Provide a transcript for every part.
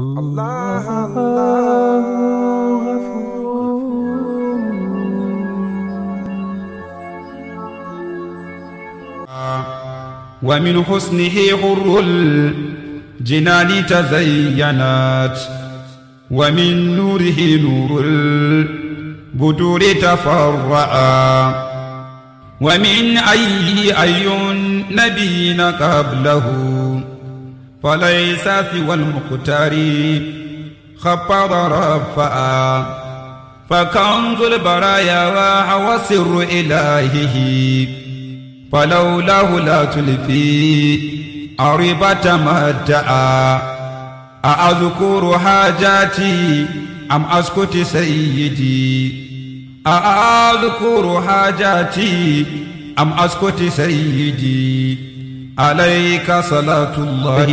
الله الله ومن حسنه غر الجنان تزينت ومن نوره نور البدور تفرعا ومن أي أي نبينا قبله فليس سوى المختار خفض رفعا فكنز البرايا وسر إلهه فلولاه لا تلفي أرب تمتعا أأذكر حاجاتي أم أسكت سيدي أأذكر حاجاتي أم أسكت سيدي عليك صلاة الله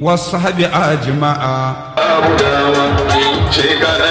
والصحب أجمع أبو داوى شكرا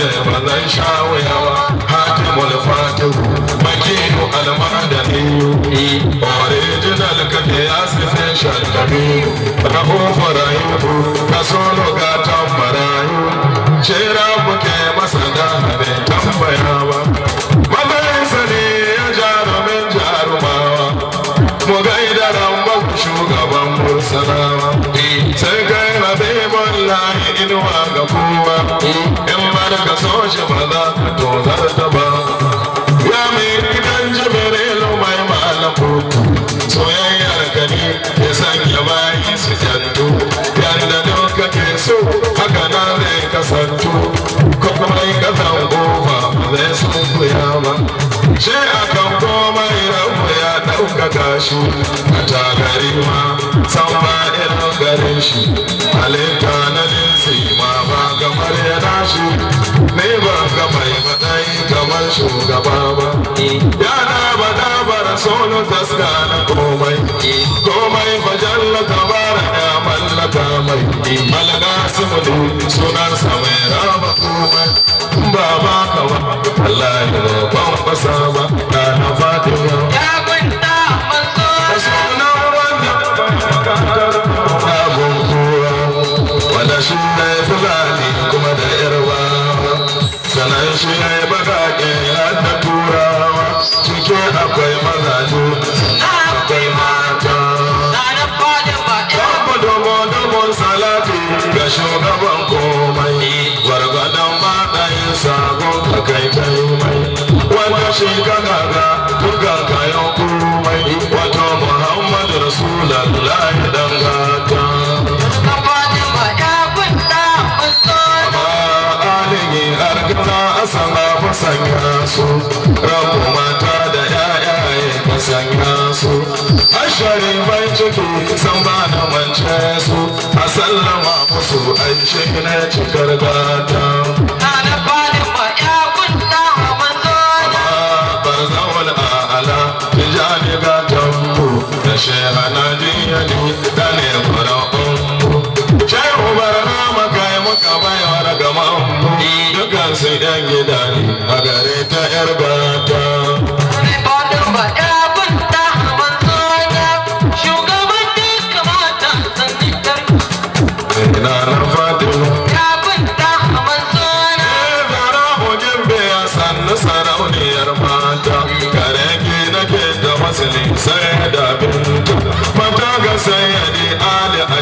ne ba zan sha wuya ba hakimul fatihu makiyu almadani original ka ne ya sise shakami rahufu rahimu ka solo ga tambarayu shera muke masa da bai tambaya ba mabaisa ne ya jarumin jarumawa mu gaida ran shugaban mursalawa sai wallahi inuwa ga kowa in ba da ka so shi ba za ka tozar ta ba ya mai gidan jibirin mai malamu soyayyar ka ne ya sanya bayi su yanda yadda dokake so haka na zai kasanto kuma mai kasan kofa zai sun kuya ba shi akan ya ɗaukaka shi a tagari ma san ganin shi halitta na jinsi ma ba kamar ya tashi ne ba ga mai matsayi kamar shugaba ba yana ba da ba taska na komai komai ba jalla tabara ya mallaka mai malaka su mutu sunansa mai raba komai ba ba kawai Allah ya roƙon ba na fatima shekina cikar gata ana falin ma ya kunta manzo na barzawal ala tijani gatan mu da shehana jiyani da ne fara'un mu shehu barna maka yi muka bayar gama mu dukkan su yan gida ne a gare ta yar bara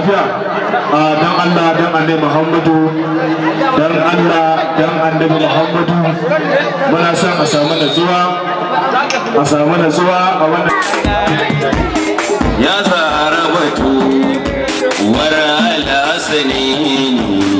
lafiya ah, dan Allah dan annabi Muhammadu dan Allah dan annabi Muhammadu muna son a samu natsuwa a samu natsuwa a wannan ya zarabatu wara al-asnini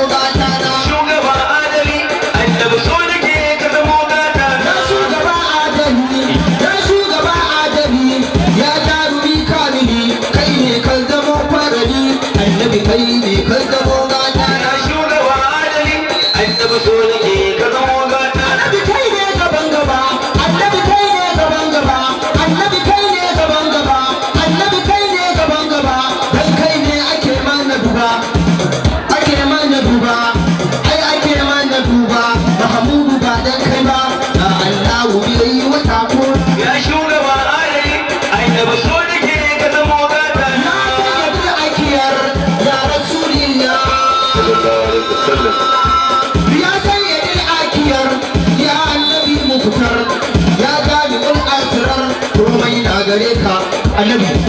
안녕.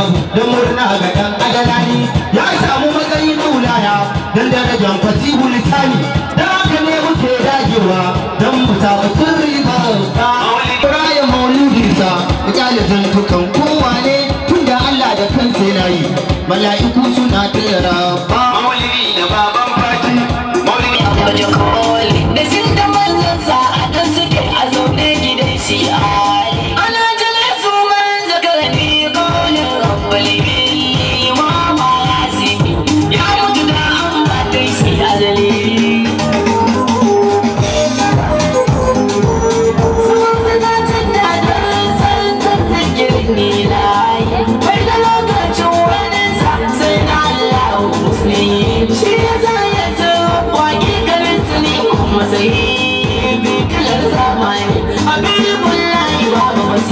abu don murna ga dan adalani ya samu matsayin dulaya don darajar fasihu lisani da haka ne muke dagewa don mu samu sirri ba ta rayan mauludinsa misalin zantukan kowa ne tun da Allah da kansa yana yi mala'iku suna tara ba maulidi da baban fati maulidi da jaka maulidi da zinda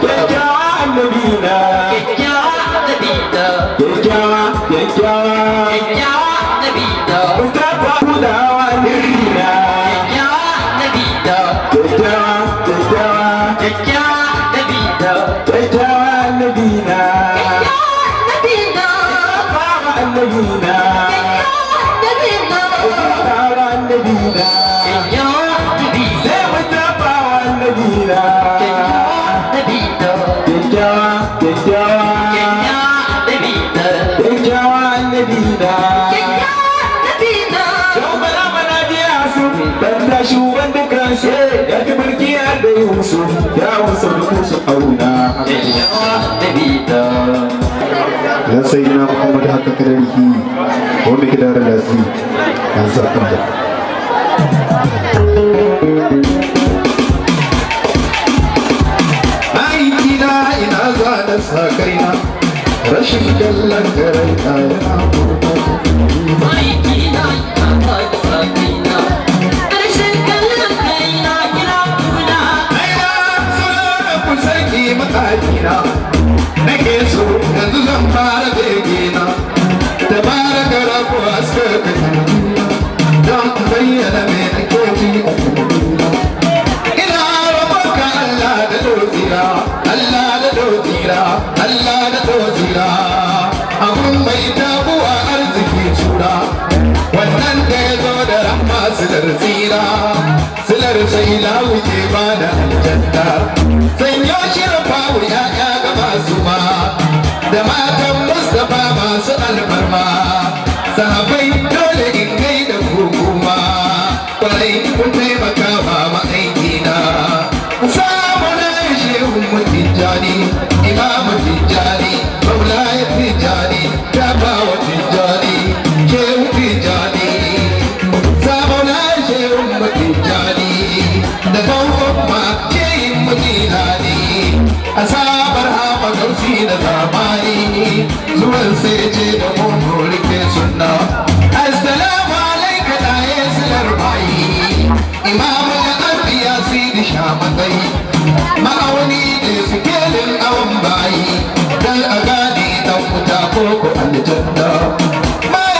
kyakkyawa annabi na kyakkyawa annabi na kyakkyawa na na banda shugaban dukkan su ya ki mulki ya da yusu ya wasu dukkan su auna ya sai na muhammad haka kadarihi wanda kidara lazi an sa kan silar tsira silar sai lawu ba da aljanna sanya shirin fawo ya'ya ga masu ma da matan mustapha masu alfarma sahabai dole in kai da kuma kwarai kun taimaka ma ma'aikina samu na shehun mutijani imamu tijani maulaya tijani tabawa tijani shehu tijani jari da tawamma ke yin mutila ne a sabar da zamani zuwan sai ce da mutu ke sunna assalamu alaika da ya silar bayi imamu da ƙarfiya si da sha ma'auni da suke lin awon bayi dan a gadi dan fita ko aljanna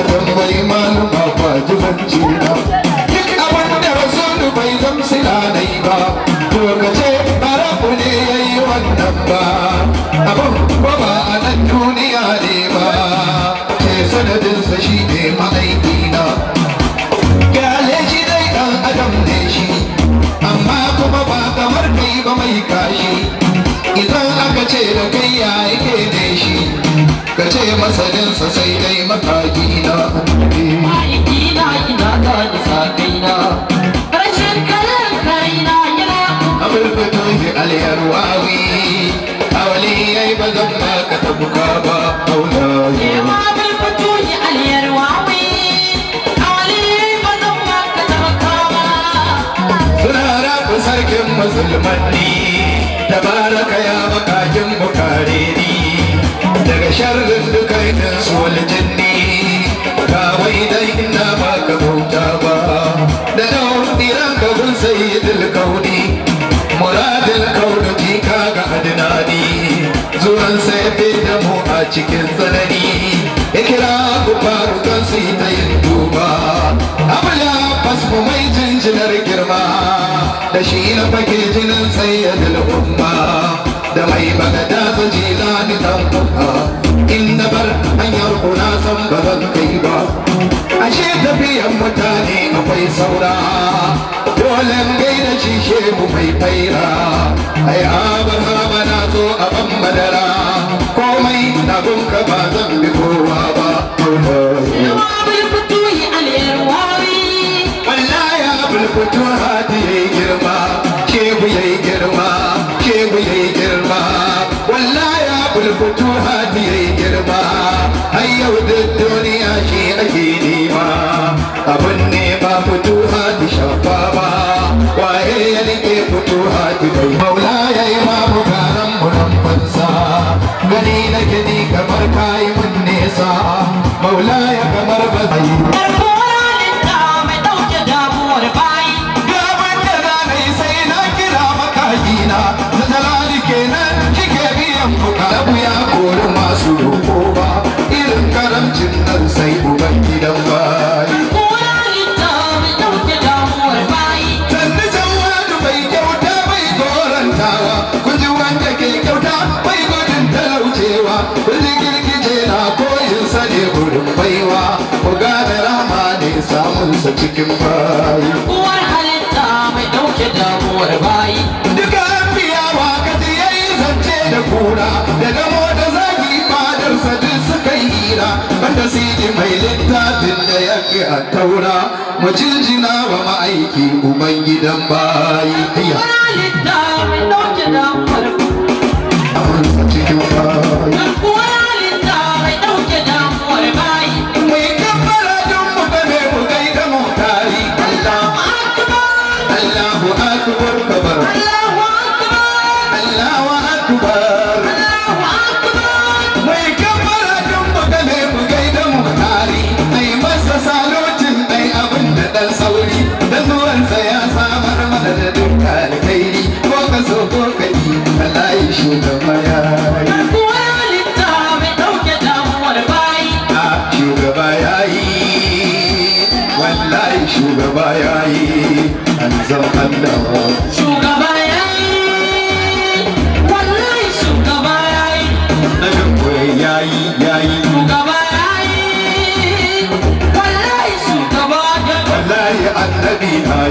adam mai malama ba jibanci na musulmanni tabaraka ya bakakin bukare ni daga sharrin dukkanin solijin ni kawai dai ina baka bauta ba da nau'iran ka gun sayyidul kauni muradul kauni ga adinani zuwan sai da mu a cikin tsanani ikira ku faru kan su ta yin duba abula fasfu mai jinjinar girma da shi na fage jinin sayyadin umma da mai bagada su jilani dan kuka in na bar hanyar kuna san ba zan kai ba ashe tafiyan mutane akwai saura dole gaida shi shehu mai faira ai abarha so a ban madara komai na gunka ba zan bi kowa ba Wallaya bulfutu hadi yayi girma, shehu yayi girma, shehu yayi girma. Wallaya bulfutu hadi yayi girma, har yau duk duniya shi ake nema. Abin ne fituha di ba waye ya rike fituha di bai maula ya yi babu garan munan banza gani na ni kamar kayi mun nesa maula ya kamar ba zai Abu ya kori masu roƙo ba irin gurin baiwa ku gane da ne samun sa cikin bayi uwar halitta mai dauke damuwar bayi duka wa kaji yayi zance da kura da daga da zagi fadar sa duk suka hira banda ji mai littafin da ya a taura mu jinjina wa ma'aiki uban gidan bayi uwar halitta mai dauke damuwar bayi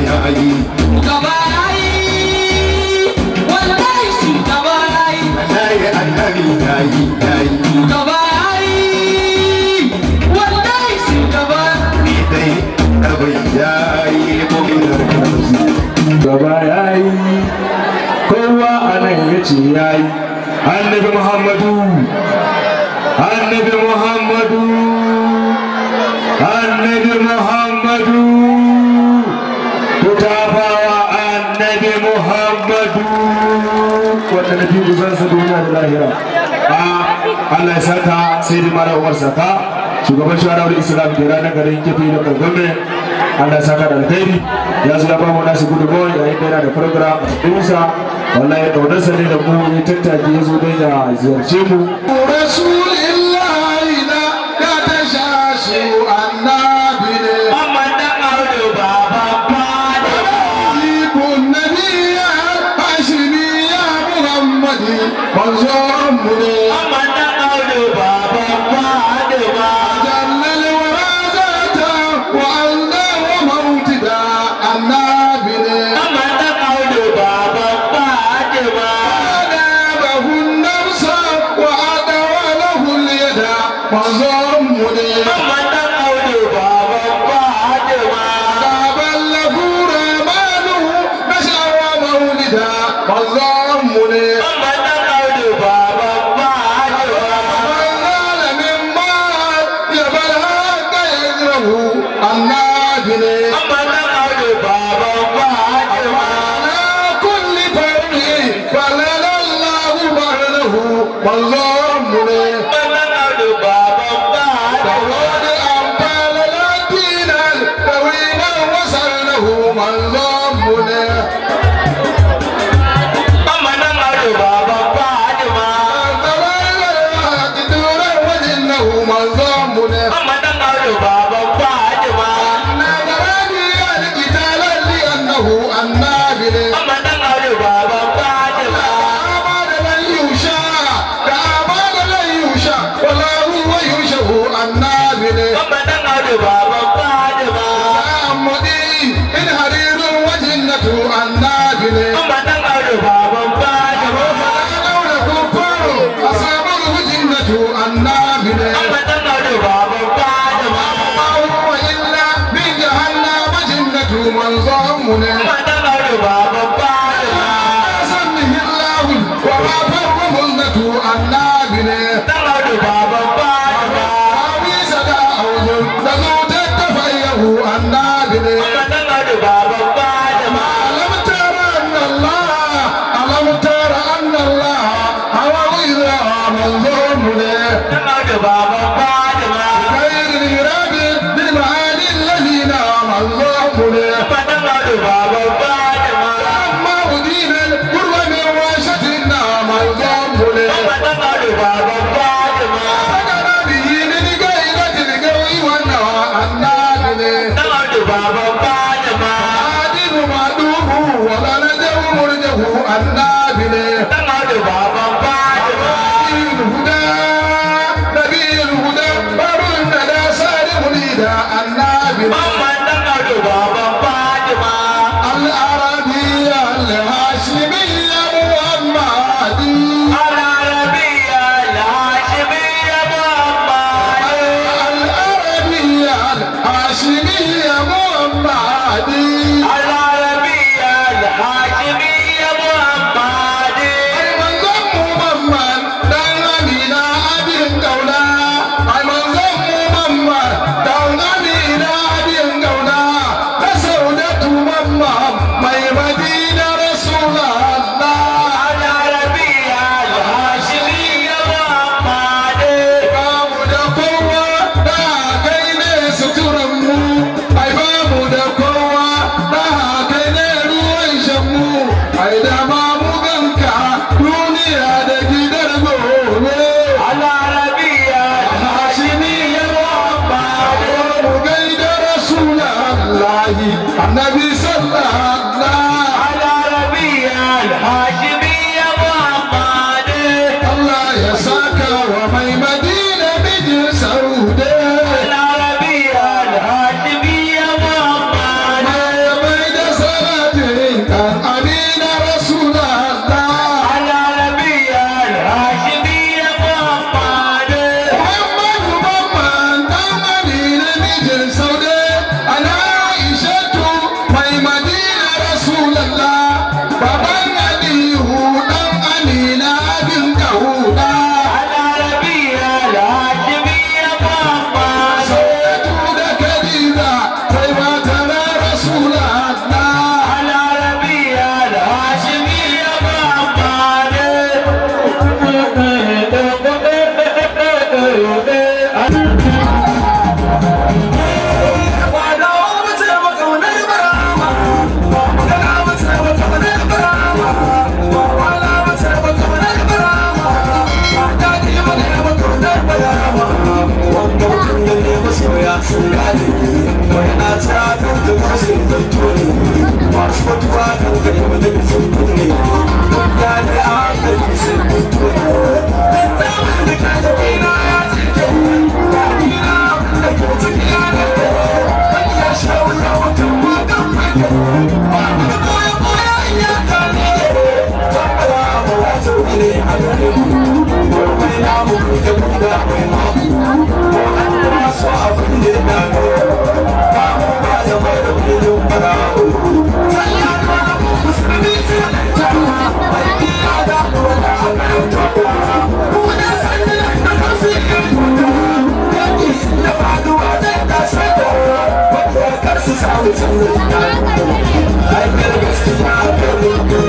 ya ali wallahi shi gaba wallahi annabi yayi yayi gaba wallahi shi gaba ni dai karbai yayi ko yayi kowa anan yace yayi annabi muhammadu annabi muhammadu ta nabi sa duniya da lahira ah, Allah ya saka sai da mara umar saka shugaban shawarar islam da ranar garin kifi da kargame Allah ya saka da alkhairi ya zuwa ba mu nasu gudunmawa yayin da yana da program a dinsa wallahi sa ne da mu ya tattaki ya zo don ya ziyarce mu. Quando talk about I'm gonna get it. I'm gonna get it.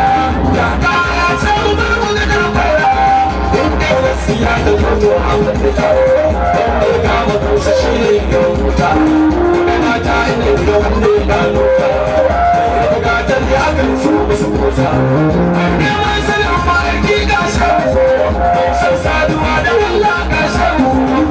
na da zango da kama kansa shi ne wuta yana ta ina da wanda ya gano ta da bukatar ya su yi san saduwa da Allah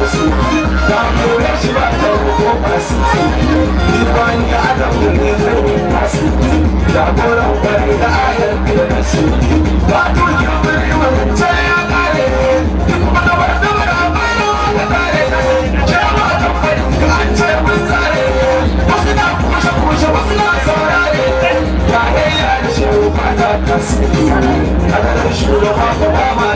wasu ta kore shi ba ta ko ne zai masu da kore bari da ayar da nasu ba to ya bari wanda ya kare duk mana wanda ba da bayo da ya ne ya da shi ba ta kasu a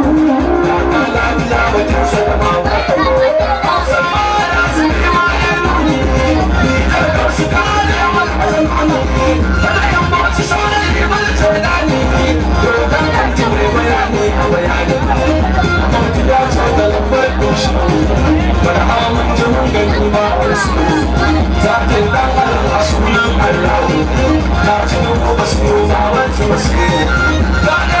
Zakin ranar asumi da ta cikin kuma su yi zaman su masu yi.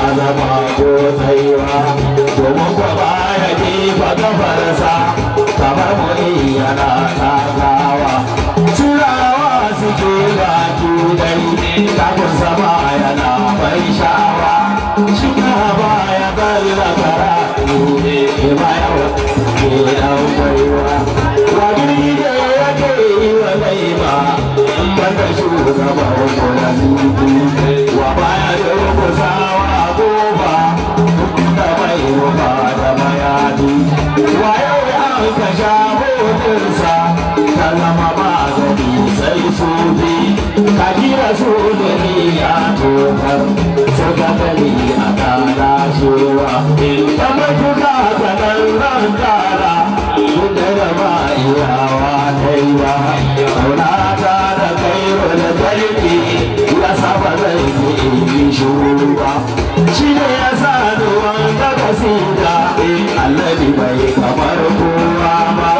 zama ko tsayuwa baya jefa kafarsa kamar muni yana takawa turawa suke ba yana bai shawa baya balla kara ne ba yawa ke dan da yake yi in baya kusa daɗinsa ta zama magani sai soji ka kira sojani a tokar suka gani a kana cewa in ta matuka ta nan ran tara da raba iyawa kai ba kauna ta da kai wani tarki ya saba zai yi shuru ba shi ne ya sa da wanda kasita Allah bai kamar kowa ba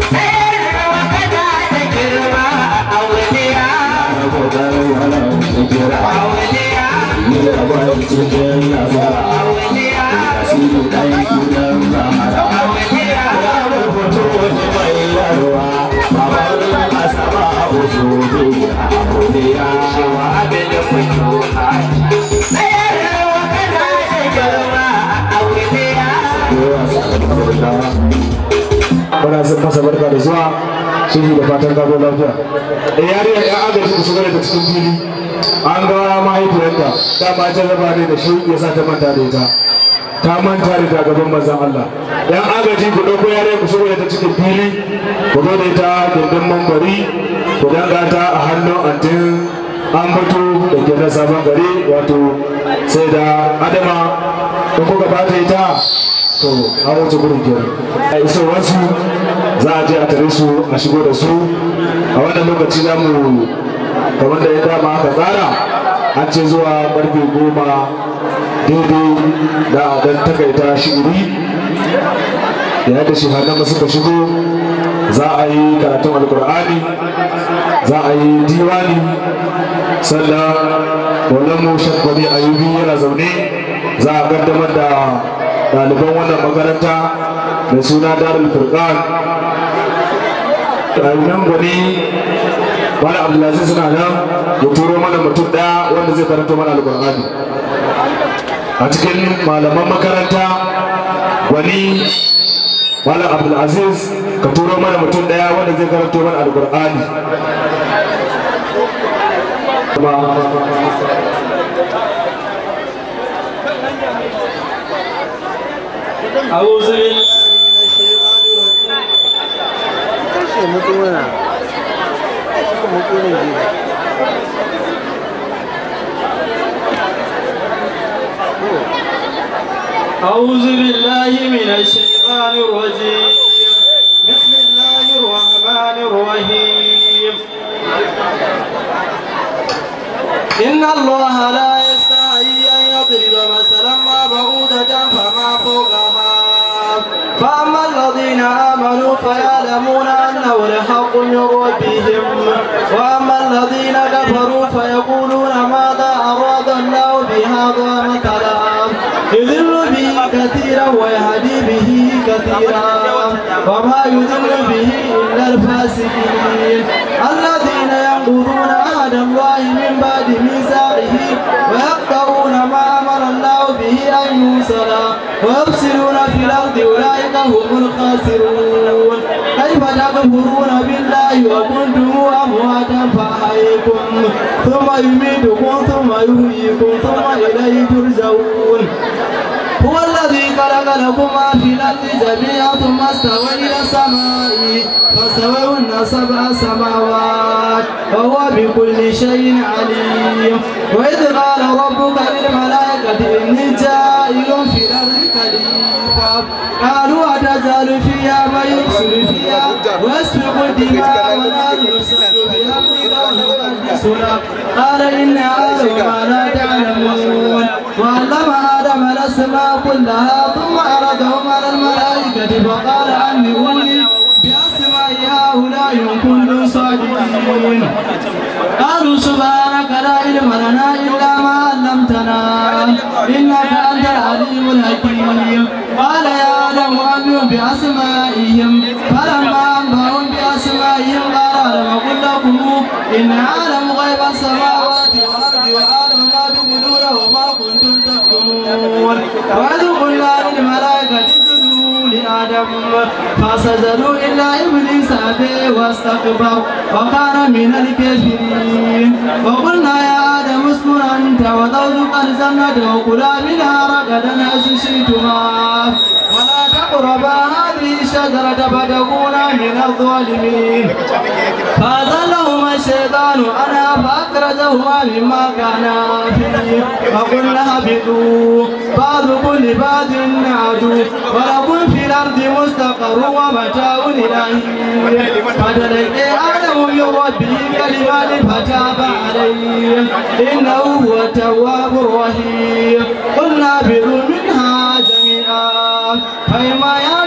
mata barka da zuwa sun da fatan gado lafiya eh, da yari ya adar su su gane da cikin fili an ga mahaifiyarta ta ba ta jarraba ne da shi ya sa ta manta da ita ta manta da gaban manzan Allah yan agaji ku ɗauko yare ku shigo ta cikin fili ku zo da ita gindin mambari ku danga ta a hannun antin an fito da gidan sabon gari wato sai da adama ko kuka bata ita to a wace gurin kenan a wasu za a je a tare su a shigo da su a wannan lokaci na mu kamar da ya dama aka tsara an ce zuwa karfe goma daidai da dan takaita shiri yayin da hannun ba suka shigo za a yi karatun alkur'ani za a yi diwani sannan wannan mu shakwani ayubi yana zaune za a kaddamar da ɗaliban wannan makaranta mai suna darul furqan nan gwani wani abdulaziz suna nan ya turo mana mutum daya wanda zai karanta mana alƙur'ani a cikin malaman makaranta gwani wani abdulaziz ka turo mana mutum daya wanda zai karanta mana alƙur'ani أعوذ بالله أعوذ بالله من الشيطان الرجيم بسم الله الرحمن الرحيم إن الله لا يستعي أن يضرب مثلا ما بعودة فما فوقها فأما الذين آمنوا فيعلمون أنه لحق من فيقولون ماذا أراد الله بهذا مثلا يذل به كثيرا ويهدي به كثيرا وما يذل به إلا الفاسقين الذين ينقضون عهد الله من بعد ميثاقه ويقطعون ما أمر الله به أن يوصل ويفسدون في الأرض أولئك هم الخاسرون كيف تكفرون بالله وكنتم أمواتا فأحييكم ثم يميتكم ثم يحييكم ثم إليه ترجعون هو الذي خلق لكم ما في الأرض جميعا ثم استوى إلى السماء فاستويهن سبع سماوات وهو بكل شيء عليم وإذ قال ربك للملائكة إني جاء وسائر أيوة في الأرض خليفة قالوا أتزال فيها ويكسر فيها ويسبق الدماء ونرسل بأمر الله قال إن أعلم ما لا تعلمون وعلم آدم الأسماء كلها ثم عرضهم على الملائكة فقال أنبئوني بأسماء هؤلاء إن كنتم صادقين قالوا سبحانك لا علم لنا إلا فسجدوا إلا إبليس أبي واستكبر وكان من الكافرين وقلنا يا kuskuren ta wadau zuƙar zanna da kula min har ragadan asusin tuma wala الشجرة فتكونا من الظالمين فظلهما الشيطان أنا فأخرجهما مما كانا فيه فقلنا بعض كل بعض عدو ولكم في الأرض مستقر ومتاع إلى حين فتلقي أعلم من ربه كلمات فتاب عليه إنه هو التواب الرحيم قلنا اهبطوا منها جميعا فإما يا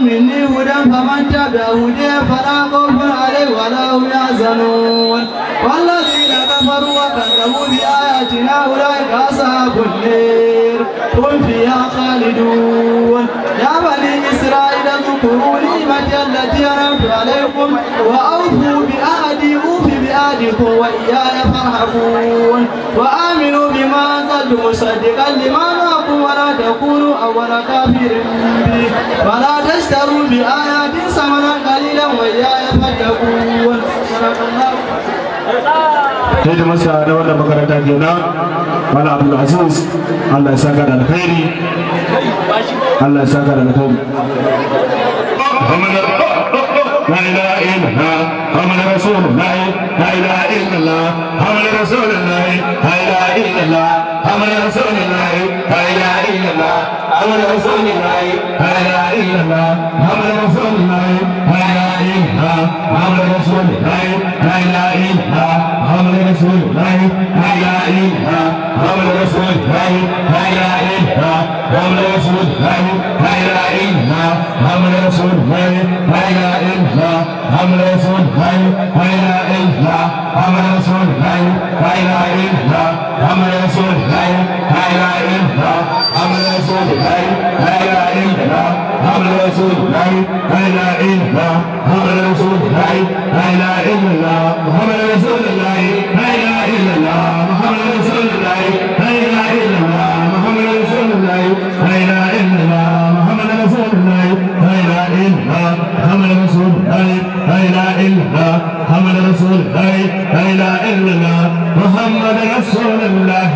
مني هدى فمن تبع هدى فلا خوف عليه ولا هم يحزنون والذين كفروا وكذبوا بآياتنا أولئك أصحاب النير هم فيها خالدون يا بني إسرائيل اذكروا نعمتي التي أنعمت عليكم وأوفوا بعهدي ذلك وإياي فارهبون وآمنوا بما أنزلت مصدقا لما معكم ولا تكونوا أول كافر به ولا تشتروا بآيات ثمنا قليلا وإياي فاتقون Jadi الله sai da masa na wannan makaranta kenan wani abu da aziz allah ya saka da alkhairi allah ya dan da alkhairi لا اله الا الله محمد رسول الله لا اله الا الله محمد رسول الله لا اله الا الله محمد رسول الله لا اله الا الله محمد رسول الله لا اله الا الله محمد رسول الله لا اله الا الله محمد رسول الله لا اله الا الله حول رسول الله لا إله حول رسول الله لا إله حول رسول الله لا إله حول رسول الله لا إله حول رسول الله لا إله حول رسول الله لا إله حول رسول الله لا إله حول يسود هاي هاي لا إله حمل يسود هاي هاي لا إله حمل يسود هاي هاي لا إله محمد رسول الله هاي لا إله محمد رسول الله هاي لا إله محمد رسول الله هاي لا إله محمد محمد رسول الله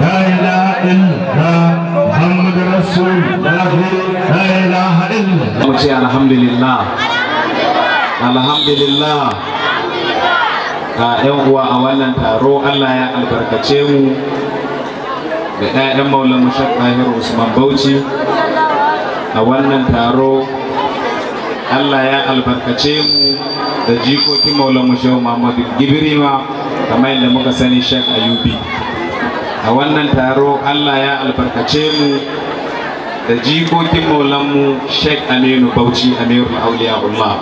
لا إله إلا الله محمد رسول الله لا إله إلا الله الحمد لله الحمد لله ‘yan uwa a wannan taro Allah ya albarkace mu da ‘ya'yan maulan mashar ɗahir Usman Bauchi a wannan taro Allah ya albarkace mu da jikokin maulan mashar Muhammadu Gibirima kamar yadda muka sani Sheikh Ayubi. a wannan taro allah ya albarkace mu da jikokin maulanmu sheikh aminu bauchi Auliya Allah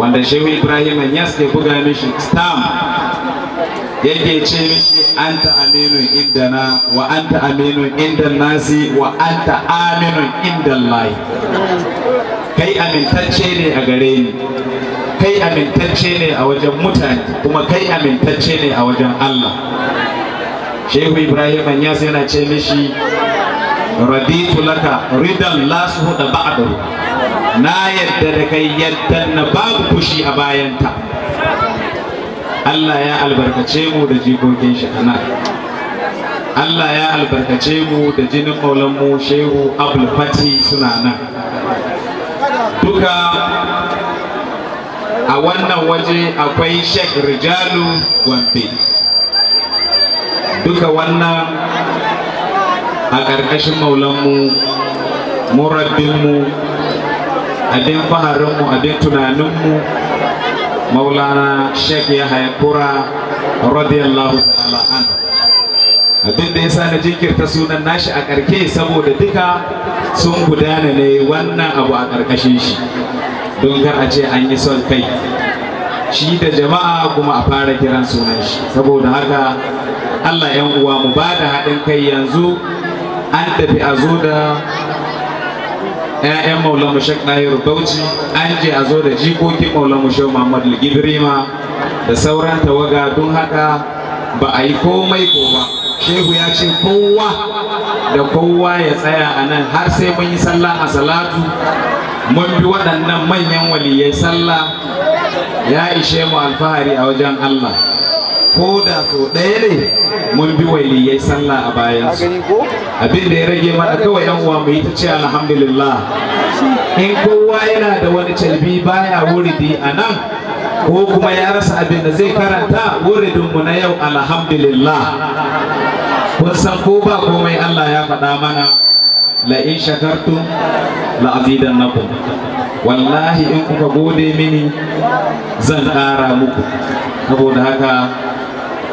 wanda shehu ibrahim yas ke buga mishi stam yake ce mishi anta aminu indana wa anta aminu inda nasi wa anta aminu inda Allah kai amintacce ne a gare ni kai amintacce ne a wajen mutane kuma kai amintacce ne a wajen allah shehu ibrahim anyas yana ce mishi raditu laka ridan lasu da ba'dahu na yadda da kai yadda na babu kushi a bayanta Allah ya albarkace mu da jikokin shi Allah ya albarkace mu da jinin mu shehu abul fati suna nan duka a wannan waje akwai shek rijalu gwambe. duka wannan a ƙarƙashin maulanmu murabbinmu abin faharinmu abin tunaninmu maulana sheikh ya haikura radiyallahu ta'ala an abin da ya sa na jinkirta sunan nashi a ƙarke saboda duka sun gudana ne wannan abu a ƙarƙashin shi don kar a ce an yi son kai shi da jama'a kuma a fara kiran sunan shi saboda haka Allah yan uwa mu ba da haɗin kai yanzu an tafi a zo da 'ya'yan maulamu shek ɗahiru bauchi an je a zo da jikokin maulamu shek muhammadu gibrima da sauran tawaga don haka ba a yi komai ko ba shehu ya ce kowa da kowa ya tsaya a nan har sai mun yi sallah a salatu mun bi waɗannan manyan waliyai sallah ya ishe mu alfahari a wajen allah ko da so ɗaya ne mun bi waliyai sallah a bayan abin da ya rage mana kawai yan uwa mu yi ce alhamdulillah in kowa yana da wani calbi baya wuridi a nan ko kuma ya rasa abin da zai karanta wuridin mu na yau alhamdulillah kun san ko ba komai Allah ya faɗa mana la in shakartum la wallahi in kuka gode mini zan ƙara muku saboda haka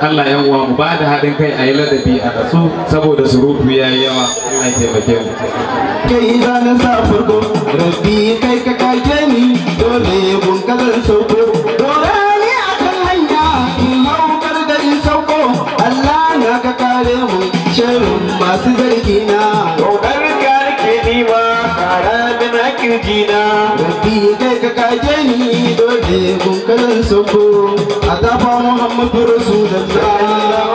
Allah yan uwa mu ba da haɗin kai a yi ladabi a kasu saboda surutu ya yi yawa Allah ya taimake mu kai za na sa furgo, rabbi kai ka kake ni dole gun kazan sauko dole ni akan hanya in haukar da in sauko Allah na ka kare mu shirin masu zai ne gunkanin sako a tafa muhammadu rasulullah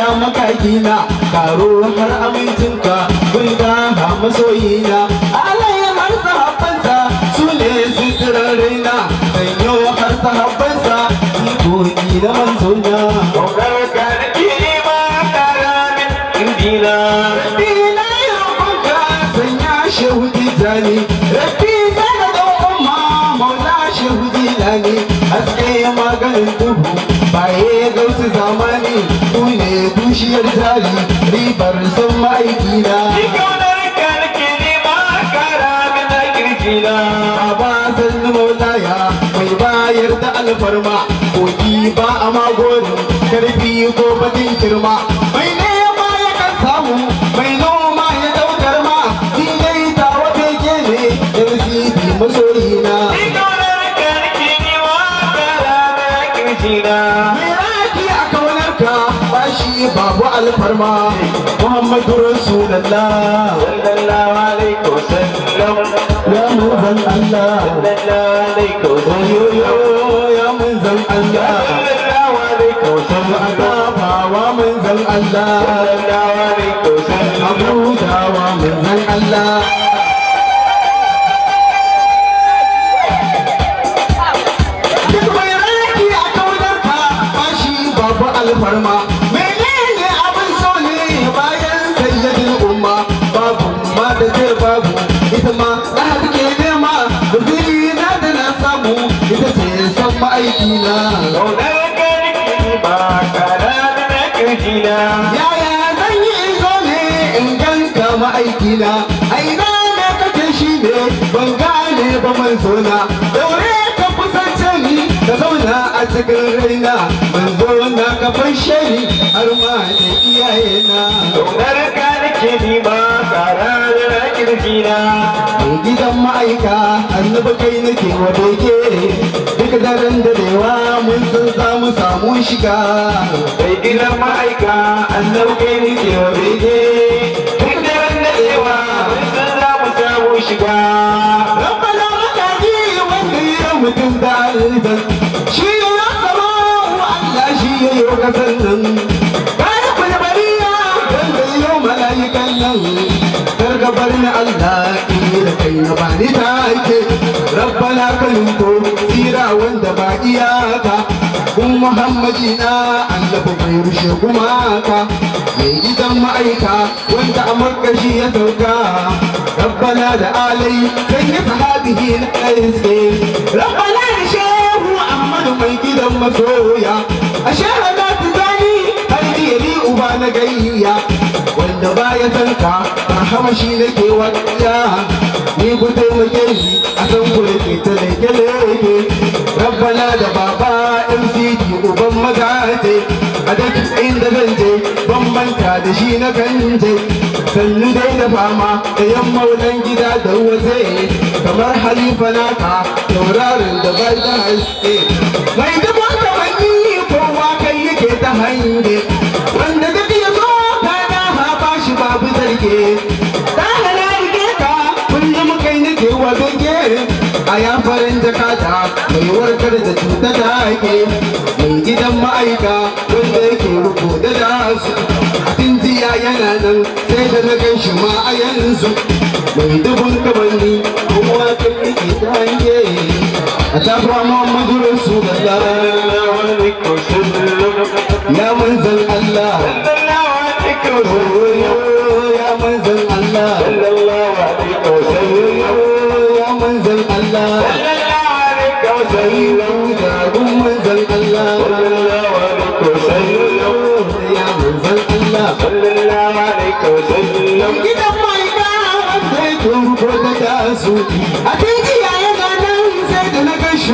na makaki na karo har amincinka kun ga ha masoyi na alayyar har sahabbansa su ne sitirar na kan yau har sahabbansa ikoki na manzona ƙaunarka na kiri ma kara min indina dina ya kunka sanya shehu tijani rabbi zana da umma maula shehu dilani haske maganin duhu baye gausu zamani ku ne kushiyar jari ribar son ma'aikina a basan maulaya mai bayar da alfarma kogi ba a magonin karfi ko bakin kirma mai ne ya ya kan samu mai noma ya daukar ma ni dai tawa ke ne yan sibi masoyina jina yaki a kaunarka ba shi babu alfarma muhammadu rasulallah sallallahu alaihi wasallam ya manzan allah sallallahu alaihi wasallam ya manzan allah sallallahu alaihi wasallam adaba wa manzan allah sallallahu alaihi wasallam abuda wa manzan allah alfarma menene abin so ne bayan sayyadin umma babu ma da zai babu ita ma na ke nema da na da na samu ita ce son ma'aikina kaunar karfi ba kara da na yaya zan yi in zo ne in ganka ma'aikina aina na kake shi ne ban gane ba man sona daure ka zauna a cikin raina zo na kafar shari har ma da iyaye na donar ka nake ni ma tsara da na kirki na gidan ma'aika annabi kai nake wa bege duk daren da daiwa mun san za mu samu shiga kai gidan ma'aika annabi kai nake wa bege duk daren da daiwa mun san za mu samu shiga sarkin daliban shi ya tsaro Allah shi ya yi kasan nan bayan bariya don da yau mala'ikan nan kar ka bar ni Allah ni da kai na ni take rabbana kanin ko tsira wanda ba iyaka kun muhammadi na annabi mai rushe ka? mai gidan ma'aika wanda a makashi ya sauka rabbana da alai zan yi sahabihi na kaiske rabbana da shehu ahmadu mai gidan masoya a shahadatu zani har jiyari uba na gayya wanda baya sanka rahama shi nake wanda ni ku taimake shi a san ku ke ta leke leke rabbana da baba mcd uban magaje a duk inda zan je ban manta da shi na kanje. sannu dai da fama da yamma wutan gida da waje kamar halifa naka taurarin da bai da haske mai dubon tamanni kowa kai yake ta hange wanda duk nake dana na rike ka kullum kai nake wa bege a ya farin jakata mai warkar da cuta ta ke mai gidan ma'aika wanda yake ruko da dasu abin jiya yana nan sai da na gan shi ma a yanzu mai dubun kamanni kuma kan nake ta hange a tafa muhammadu rasulullah ya manzan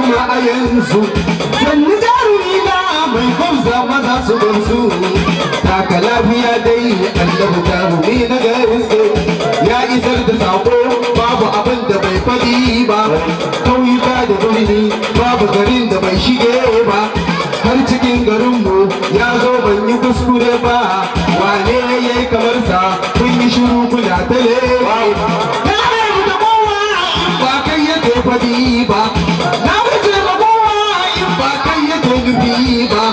duniya a yanzu sannu jarumi na mai gwamza maza su gamsu taka lafiya dai allahu jarumi na gaske ya isar da sako babu abin da bai faɗi ba kauyuka da birni babu garin da bai shige ba har cikin garinmu ya zo ban yi kuskure ba wane yayi kamar sa kun yi shiru kuna ta lewa ba kai yake faɗi ba zunubi ba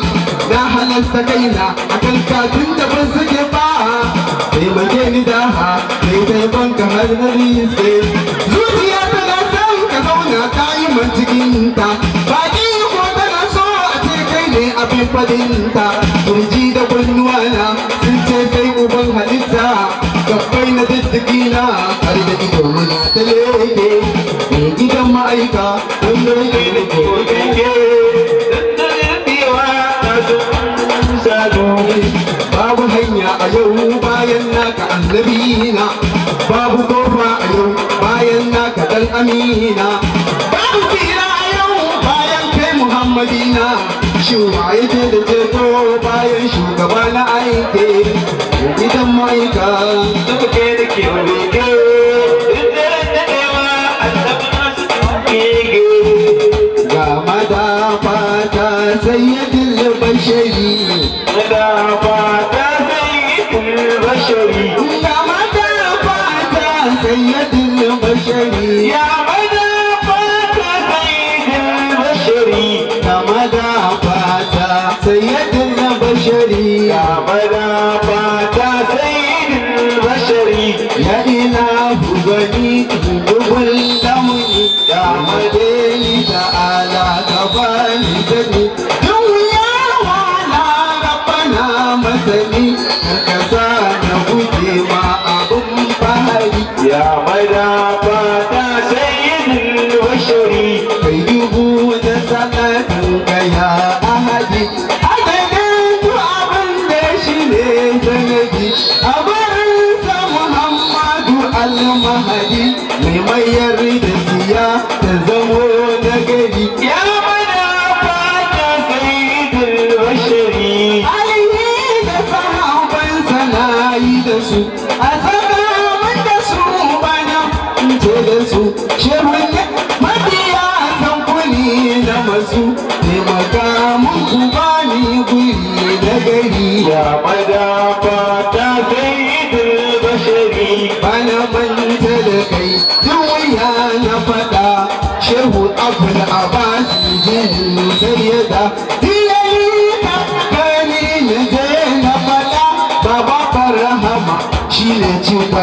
na halarta kaina a kan kafin da ban suke ba taimake ni da ha daidai ban ka har na rise zuciya tana son ka zauna ta yi man cikinta baki ko tana so a ce kai ne abin fadinta kurji da kunnuwa na sun ce kai uban halitta gabbai na diddiki na har da ido muna ta leke mai gidan ma'aika wanda ya ke bayan naka annabina babu kofa a yau bayan naka ɗan amina babu tsira a yau bayan kai muhammadina shin waye ce da ceto bayan shugaba na aike gidan ma'aika da kuke da kewaye yamada bata zai yi min basheri yaɗina bugbanni tun bugbun lamu ne dama deni da ala na dafa na ma sani suna sa abun ba yi yamada. مالك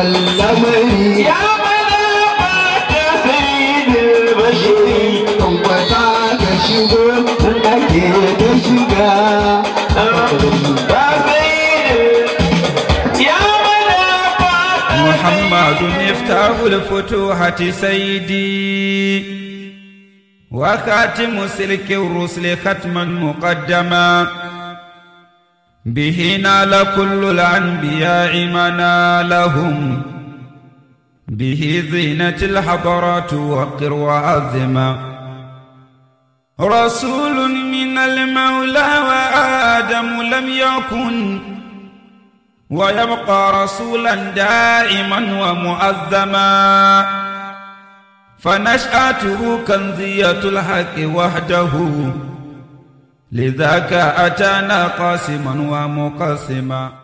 محمد مفتاح الفتوحة سيدي وخاتم سلك الرسل ختما مقدما به نال كل الأنبياء منالهم به زينت الحضرات وقر وعظم رسول من المولى وآدم لم يكن ويبقى رسولا دائما ومؤذما فنشأته كنزية الحق وحده لذاك أتانا قاسما ومقسما